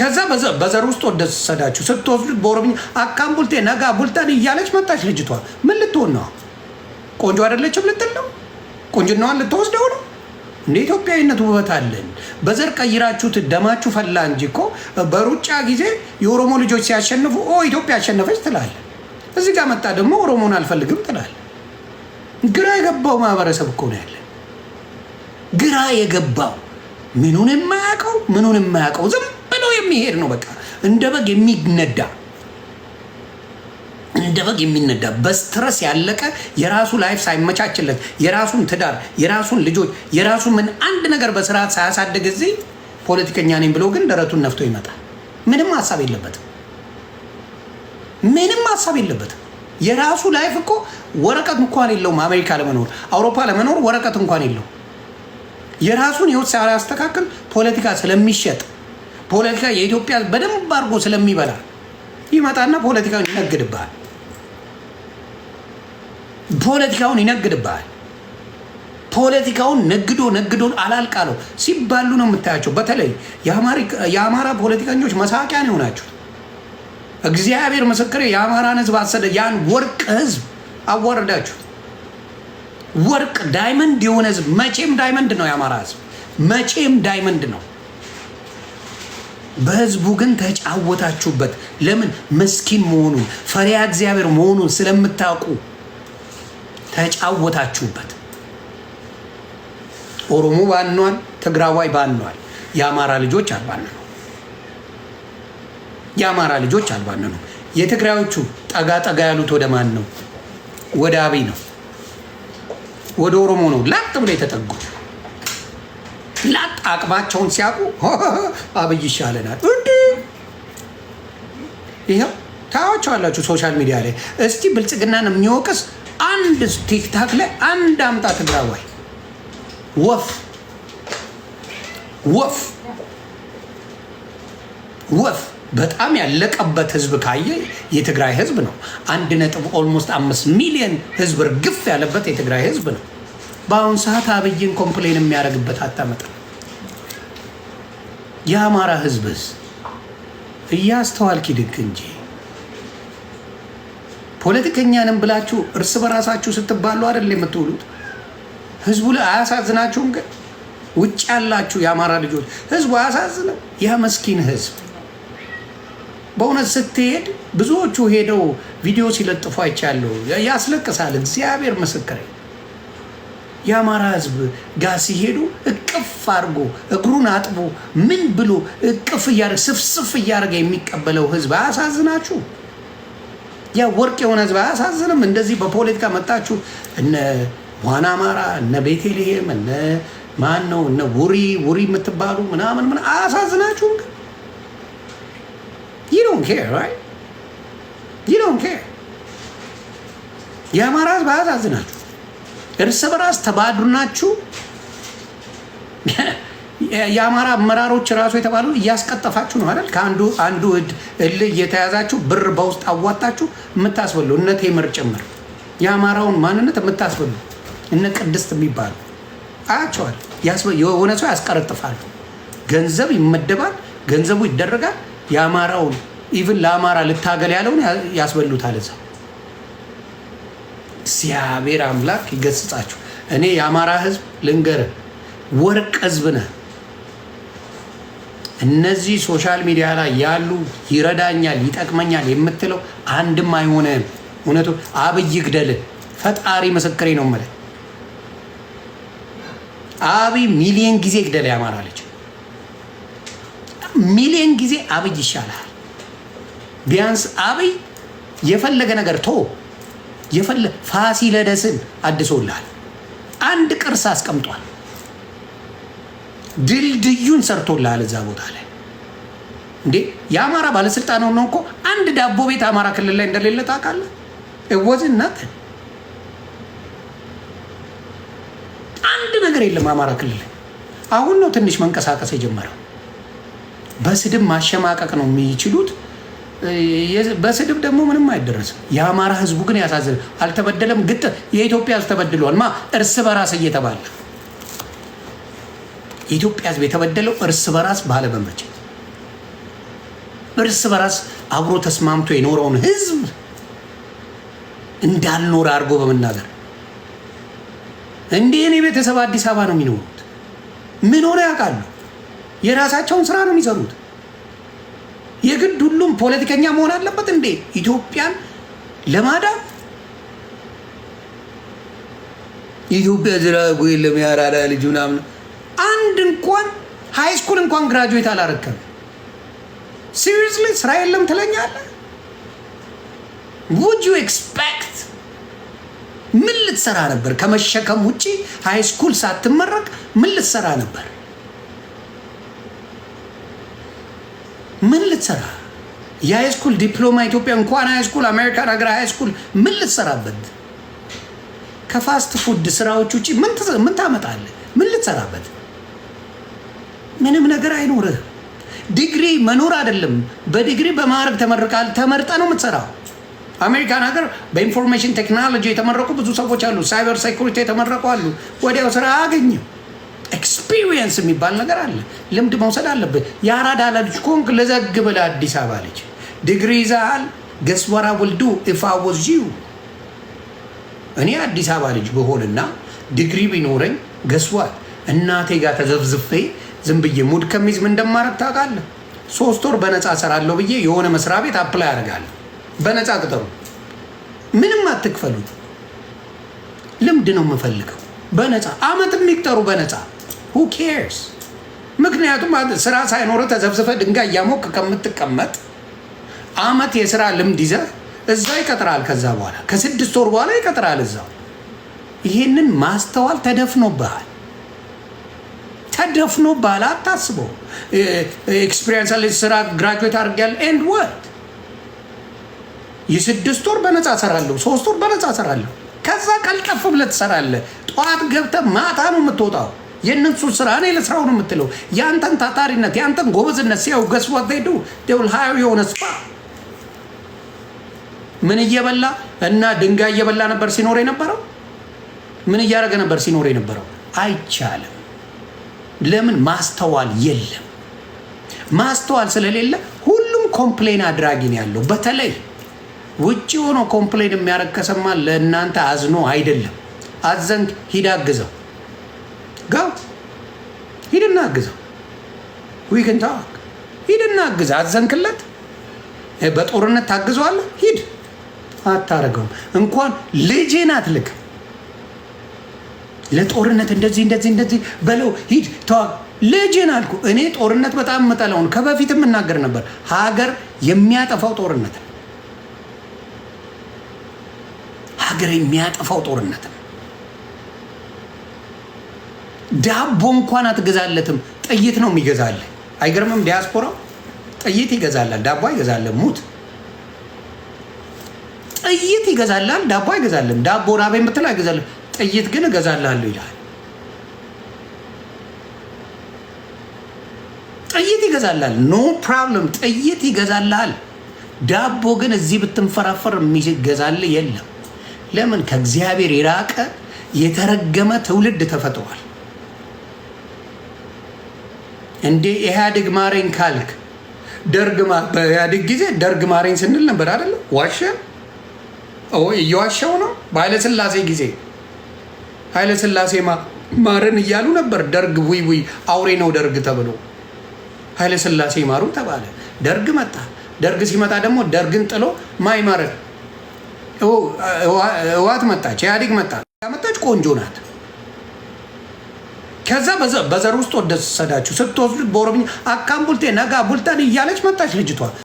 ከዛ በዘር ውስጥ ወደሰዳችሁ ስትወስዱት በኦሮምኛ አካም ቡልቴ ነጋ ቡልተን እያለች መጣች ልጅቷ። ምን ልትሆን ነው? ቆንጆ አይደለችም ልትል ነው? ቆንጅናዋን ልትወስደው ነው? እንደ ኢትዮጵያዊነት ውበት አለን። በዘር ቀይራችሁት ደማችሁ ፈላ እንጂ እኮ በሩጫ ጊዜ የኦሮሞ ልጆች ሲያሸንፉ ኦ ኢትዮጵያ አሸነፈች ትላል እዚህ ጋር መጣ ደግሞ ኦሮሞን አልፈልግም ትላለ። ግራ የገባው ማህበረሰብ እኮ ነው ያለን። ግራ የገባው ምኑን የማያውቀው ምኑን የማያውቀው ዝም ብሎ የሚሄድ ነው። በቃ እንደ በግ የሚነዳ እንደ በግ የሚነዳ በስትረስ ያለቀ የራሱ ላይፍ ሳይመቻችለት የራሱን ትዳር፣ የራሱን ልጆች፣ የራሱ ምን አንድ ነገር በስርዓት ሳያሳድግ እዚህ ፖለቲከኛ ነኝ ብሎ ግን ደረቱን ነፍቶ ይመጣል። ምንም ሀሳብ የለበትም። ምንም ሀሳብ የለበትም። የራሱ ላይፍ እኮ ወረቀት እንኳን የለውም። አሜሪካ ለመኖር አውሮፓ ለመኖር ወረቀት እንኳን የለውም። የራሱን ህይወት ሳያስተካክል ፖለቲካ ስለሚሸጥ ፖለቲካ የኢትዮጵያ በደንብ አድርጎ ስለሚበላ ይመጣና ፖለቲካውን ይነግድብሃል። ፖለቲካውን ይነግድብሃል። ፖለቲካውን ነግዶ ነግዶን አላልቃለው ሲባሉ ነው የምታያቸው። በተለይ የአማራ ፖለቲከኞች መሳቂያ ነው የሆናችሁት። እግዚአብሔር ምስክር የአማራን ህዝብ አሰደ። ያን ወርቅ ህዝብ አዋረዳችሁት። ወርቅ ዳይመንድ የሆነ ህዝብ መቼም ዳይመንድ ነው የአማራ ህዝብ መቼም ዳይመንድ ነው። በህዝቡ ግን ተጫወታችሁበት። ለምን? መስኪን መሆኑን ፈሪያ እግዚአብሔር መሆኑን ስለምታውቁ ተጫወታችሁበት። ኦሮሞ ባኗል፣ ትግራዋይ ባኗል፣ የአማራ ልጆች አልባነኑ። የአማራ ልጆች አልባነኑ። የትግራዮቹ ጠጋ ጠጋ ያሉት ወደ ማን ነው? ወደ አብይ ነው፣ ወደ ኦሮሞ ነው ላጥ ብሎ የተጠጉት። ላጥ አቅማቸውን ሲያውቁ አብይ ይሻለናል እንዲ ይኸው ታያቸዋላችሁ። ሶሻል ሚዲያ ላይ እስቲ ብልጽግናን የሚወቅስ አንድ ቲክታክ ላይ አንድ አምጣ ትግራዋይ ወፍ ወፍ ወፍ በጣም ያለቀበት ህዝብ ካየ የትግራይ ህዝብ ነው። አንድ ነጥብ ኦልሞስት አምስት ሚሊዮን ህዝብ እርግፍ ያለበት የትግራይ ህዝብ ነው። በአሁን ሰዓት አብይን ኮምፕሌን የሚያደርግበት አታመጣም። የአማራ ህዝብስ እያስተዋልኪ ድግ እንጂ ፖለቲከኛንም ብላችሁ እርስ በራሳችሁ ስትባሉ አይደል የምትውሉት? ህዝቡ ላይ አያሳዝናችሁም? ግን ውጭ ያላችሁ የአማራ ልጆች ህዝቡ አያሳዝንም? ያ መስኪን ህዝብ በእውነት ስትሄድ ብዙዎቹ ሄደው ቪዲዮ ሲለጥፉ አይቻለሁ። ያስለቅሳል። እግዚአብሔር ምስክሬ የአማራ ህዝብ ጋር ሲሄዱ እቅፍ አድርጎ እግሩን አጥቦ ምን ብሎ እቅፍ እያደረገ ስፍስፍ እያደረገ የሚቀበለው ህዝብ አያሳዝናችሁ? ያ ወርቅ የሆነ ህዝብ አያሳዝንም? እንደዚህ በፖለቲካ መጣችሁ እነ ዋና አማራ እነ ቤቴልሄም እነ ማን ነው እነ ውሪ ውሪ የምትባሉ ምናምን ምን አያሳዝናችሁም? ግን ዶን ኬር የአማራ ህዝብ አያሳዝናችሁ? እርስ በራስ ተባዱናችሁ የአማራ አመራሮች ራሱ የተባሉ እያስቀጠፋችሁ ነው አይደል? ከአንዱ አንዱ እድ እል እየተያዛችሁ ብር በውስጥ አዋጣችሁ የምታስበሉ እነ ቴምር ጭምር የአማራውን ማንነት የምታስበሉ እነ ቅድስት የሚባሉ አያቸዋል። የሆነ ሰው ያስቀረጥፋሉ። ገንዘብ ይመደባል፣ ገንዘቡ ይደረጋል። የአማራውን ኢቭን ለአማራ ልታገል ያለውን ያስበሉታል እዛ እግዚአብሔር አምላክ ይገስጻችሁ። እኔ የአማራ ህዝብ ልንገር፣ ወርቅ ህዝብ ነህ። እነዚህ ሶሻል ሚዲያ ላይ ያሉ ይረዳኛል፣ ይጠቅመኛል የምትለው አንድም አይሆንም። እውነቱ አብይ ግደል፣ ፈጣሪ ምስክሬ ነው የምልህ። አብይ ሚሊየን ጊዜ ግደል፣ የአማራ ልጅ ሚሊየን ጊዜ አብይ ይሻላል። ቢያንስ አብይ የፈለገ ነገር ቶ የፈለ ፋሲለደስን አድሶልሃል። አንድ ቅርስ አስቀምጧል። ድልድዩን ሰርቶልሃል እዛ ቦታ ላይ እንዴ! የአማራ ባለስልጣን ሆኖ እኮ አንድ ዳቦ ቤት አማራ ክልል ላይ እንደሌለ ታውቃለህ? እወዝ እናት አንድ ነገር የለም አማራ ክልል ላይ። አሁን ነው ትንሽ መንቀሳቀስ የጀመረው። በስድብ ማሸማቀቅ ነው የሚችሉት። በስድብ ደግሞ ምንም አይደረስም። የአማራ ህዝቡ ግን ያሳዝን አልተበደለም። ግጥ የኢትዮጵያ ህዝብ ተበድሏል። ማ እርስ በራስ እየተባለ የኢትዮጵያ ህዝብ የተበደለው እርስ በራስ ባለመመቸት፣ እርስ በራስ አብሮ ተስማምቶ የኖረውን ህዝብ እንዳልኖረ አድርጎ በመናገር እንዲህ እኔ ቤተሰብ አዲስ አበባ ነው የሚኖሩት። ምን ሆነ ያውቃሉ? የራሳቸውን ስራ ነው የሚሰሩት። የግድ ሁሉም ፖለቲከኛ መሆን አለበት እንዴ? ኢትዮጵያን ለማዳን የኢትዮጵያ ዝራጉ የለም የአራዳ ልጅ ምናምን አንድ እንኳን ሃይስኩል እንኳን ግራጁዌት አላረከም። ሲሪየስሊ ስራ የለም ትለኛለ። ውድ ዩ ኤክስፔክት ምን ልትሰራ ነበር? ከመሸከም ውጪ ሃይስኩል ሳትመረቅ ምን ልትሰራ ነበር? ልትሰራ የሃይስኩል ዲፕሎማ ኢትዮጵያ እንኳን ሃይስኩል አሜሪካን ሀገር ሃይስኩል ምን ልትሰራበት? ከፋስት ፉድ ስራዎች ውጭ ምን ታመጣለህ? ምን ልትሰራበት? ምንም ነገር አይኖርህ። ዲግሪ መኖር አይደለም። በዲግሪ በማዕረግ ተመርቃል። ተመርጠ ነው የምትሰራው። አሜሪካን ሀገር በኢንፎርሜሽን ቴክኖሎጂ የተመረቁ ብዙ ሰዎች አሉ። ሳይበር ሴኩሪቲ የተመረቁ አሉ። ወዲያው ስራ አገኘው። ኤክስፒሪየንስ የሚባል ነገር አለ። ልምድ መውሰድ አለብህ። የአራዳ ልጅ ኮንክ ልዘግ ብለህ አዲስ አበባ ልጅ ዲግሪ ይዘሃል። ገስወራ ውልዱ ኢፋወዝ ዩ እኔ አዲስ አበባ ልጅ ብሆንና ዲግሪ ቢኖረኝ ገስዋል እናቴ ጋር ተዘብዝፌ ዝም ብዬ ሙድ ከሚዝ ምን እንደማረግ ታውቃለህ? ሶስት ወር በነፃ ሰራለሁ ብዬ የሆነ መስሪያ ቤት አፕላይ ያደርጋለሁ። በነፃ ቅጠሩ፣ ምንም አትክፈሉት። ልምድ ነው የምፈልገው። በነፃ አመት የሚቅጠሩ በነፃ ሁ ኬርስ? ምክንያቱም ስራ ሳይኖረ ተዘብዝፈ ድንጋይ እያሞቅ ከምትቀመጥ አመት የስራ ልምድ ይዘ እዛ ይቀጥራል። ከዛ በኋላ ከስድስት ወር በኋላ ይቀጥራል እዛው። ይህንን ማስተዋል ተደፍኖብሃል፣ ተደፍኖብሃል። አታስበው። ኤክስፒሪንስ ስራ ግራጁዌት አድርጊያለሁ ኤንድ ወርድ የስድስት ወር በነፃ ሰራለሁ፣ ሶስት ወር በነፃ ሰራለሁ። ከዛ ቀልጠፍ ብለህ ትሰራለህ። ጠዋት ገብተህ ማታ ነው የምትወጣው። የእነሱ ስራ እኔ ለስራው ነው የምትለው። የአንተን ታታሪነት የአንተን ጎበዝነት ሲያዩ ገስዋ ሄዱ ደውል ሀያው የሆነ ስፋ ምን እየበላ እና ድንጋይ እየበላ ነበር ሲኖር የነበረው? ምን እያደረገ ነበር ሲኖር የነበረው? አይቻልም። ለምን? ማስተዋል የለም። ማስተዋል ስለሌለ ሁሉም ኮምፕሌን አድራጊ ነው ያለው። በተለይ ውጭ ሆኖ ኮምፕሌን የሚያረግ ከሰማ ለእናንተ አዝኖ አይደለም። አዘንግ ሂድ አግዘው ጋት ሂድና አግዘው። ዊክን ታዋክ ሂድና አግዘ። አዘንክለት በጦርነት ታግዘዋለ። ሂድ አታረገውም። እንኳን ልጄን አትልክ ለጦርነት እንደዚህ እንደዚህ እንደዚህ በለው ሂድ ተዋ። ልጄን አልኩ እኔ ጦርነት በጣም መጠላውን ከበፊት የምናገር ነበር። ሀገር የሚያጠፋው ጦርነት ሀገር የሚያጠፋው ጦርነት ዳቦ እንኳን አትገዛለትም። ጥይት ነው የሚገዛል አይገርምም? ዲያስፖራው ጥይት ይገዛላል፣ ዳቦ አይገዛለም። ሙት ጥይት ይገዛላል፣ ዳቦ አይገዛለም። ዳቦ ራበኝ ብትል አይገዛለም፣ ጥይት ግን እገዛላሉ ይላል። ጥይት ይገዛላል። ኖ ፕሮብለም። ጥይት ይገዛላል። ዳቦ ግን እዚህ ብትንፈራፈር የሚገዛል የለም። ለምን? ከእግዚአብሔር የራቀ የተረገመ ትውልድ ተፈጥሯል። እንዴ ኢህአዴግ ማረኝ ካልክ ደርግ በኢህአዴግ ጊዜ ደርግ ማረኝ ስንል ነበር አይደለ? ዋሸ እየዋሸው ነው። በኃይለስላሴ ጊዜ ኃይለስላሴ ማረን እያሉ ነበር። ደርግ ውይ ውይ አውሬ ነው ደርግ ተብሎ ኃይለስላሴ ማሩ ተባለ። ደርግ መጣ። ደርግ ሲመጣ ደግሞ ደርግን ጥሎ ማይማረን ህዋት መጣች፣ ኢህአዴግ መጣ። መጣች ቆንጆ ናት። ከዛ በዘር ውስጥ ወደሰዳችሁ ስትወስዱት በኦሮምኛ አካም ቡልቴ ነጋ ቡልተን እያለች መጣች ልጅቷ።